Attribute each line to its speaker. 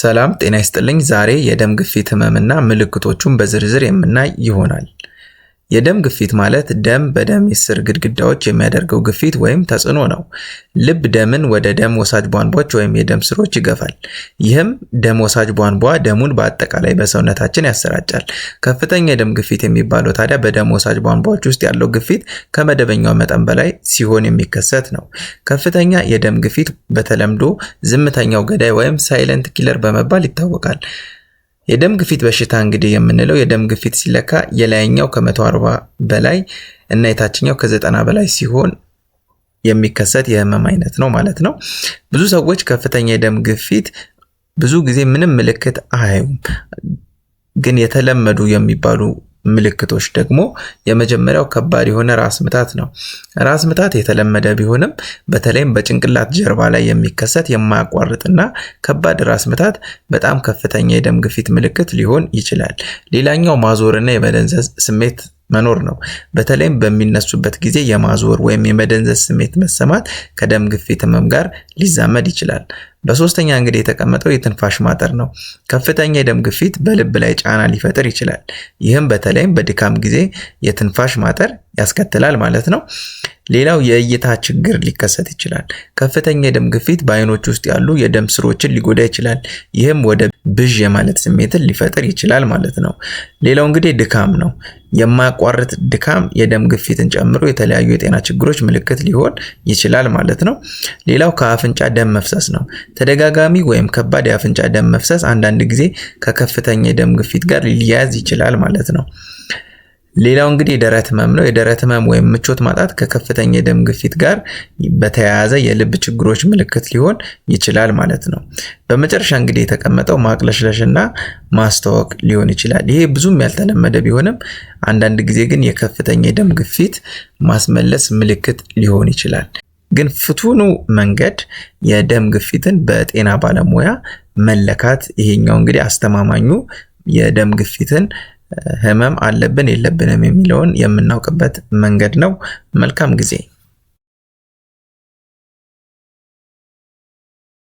Speaker 1: ሰላም ጤና ይስጥልኝ። ዛሬ የደም ግፊት ህመምና ምልክቶቹን በዝርዝር የምናይ ይሆናል። የደም ግፊት ማለት ደም በደም ስር ግድግዳዎች የሚያደርገው ግፊት ወይም ተጽዕኖ ነው። ልብ ደምን ወደ ደም ወሳጅ ቧንቧዎች ወይም የደም ስሮች ይገፋል። ይህም ደም ወሳጅ ቧንቧ ደሙን በአጠቃላይ በሰውነታችን ያሰራጫል። ከፍተኛ የደም ግፊት የሚባለው ታዲያ በደም ወሳጅ ቧንቧዎች ውስጥ ያለው ግፊት ከመደበኛው መጠን በላይ ሲሆን የሚከሰት ነው። ከፍተኛ የደም ግፊት በተለምዶ ዝምተኛው ገዳይ ወይም ሳይለንት ኪለር በመባል ይታወቃል። የደም ግፊት በሽታ እንግዲህ የምንለው የደም ግፊት ሲለካ የላይኛው ከ140 በላይ እና የታችኛው ከ90 በላይ ሲሆን የሚከሰት የህመም አይነት ነው ማለት ነው። ብዙ ሰዎች ከፍተኛ የደም ግፊት ብዙ ጊዜ ምንም ምልክት አያዩም፣ ግን የተለመዱ የሚባሉ ምልክቶች ደግሞ የመጀመሪያው ከባድ የሆነ ራስ ምታት ነው። ራስ ምታት የተለመደ ቢሆንም በተለይም በጭንቅላት ጀርባ ላይ የሚከሰት የማያቋርጥና ከባድ ራስ ምታት በጣም ከፍተኛ የደም ግፊት ምልክት ሊሆን ይችላል። ሌላኛው ማዞርና የመደንዘዝ ስሜት መኖር ነው። በተለይም በሚነሱበት ጊዜ የማዞር ወይም የመደንዘዝ ስሜት መሰማት ከደም ግፊት ህመም ጋር ሊዛመድ ይችላል። በሶስተኛ እንግዲህ የተቀመጠው የትንፋሽ ማጠር ነው። ከፍተኛ የደም ግፊት በልብ ላይ ጫና ሊፈጥር ይችላል። ይህም በተለይም በድካም ጊዜ የትንፋሽ ማጠር ያስከትላል ማለት ነው። ሌላው የእይታ ችግር ሊከሰት ይችላል። ከፍተኛ የደም ግፊት በአይኖች ውስጥ ያሉ የደም ስሮችን ሊጎዳ ይችላል። ይህም ወደ ብዥ የማለት ስሜትን ሊፈጥር ይችላል ማለት ነው። ሌላው እንግዲህ ድካም ነው። የማያቋርጥ ድካም የደም ግፊትን ጨምሮ የተለያዩ የጤና ችግሮች ምልክት ሊሆን ይችላል ማለት ነው። ሌላው ከአፍንጫ ደም መፍሰስ ነው። ተደጋጋሚ ወይም ከባድ የአፍንጫ ደም መፍሰስ አንዳንድ ጊዜ ከከፍተኛ የደም ግፊት ጋር ሊያያዝ ይችላል ማለት ነው። ሌላው እንግዲህ የደረት ህመም ነው። የደረት ህመም ወይም ምቾት ማጣት ከከፍተኛ የደም ግፊት ጋር በተያያዘ የልብ ችግሮች ምልክት ሊሆን ይችላል ማለት ነው። በመጨረሻ እንግዲህ የተቀመጠው ማቅለሽለሽና ማስታወክ ሊሆን ይችላል። ይሄ ብዙም ያልተለመደ ቢሆንም አንዳንድ ጊዜ ግን የከፍተኛ የደም ግፊት ማስመለስ ምልክት ሊሆን ይችላል። ግን ፍቱኑ መንገድ የደም ግፊትን በጤና ባለሙያ መለካት፣ ይሄኛው እንግዲህ አስተማማኙ የደም ግፊትን ህመም አለብን የለብንም የሚለውን የምናውቅበት መንገድ ነው። መልካም ጊዜ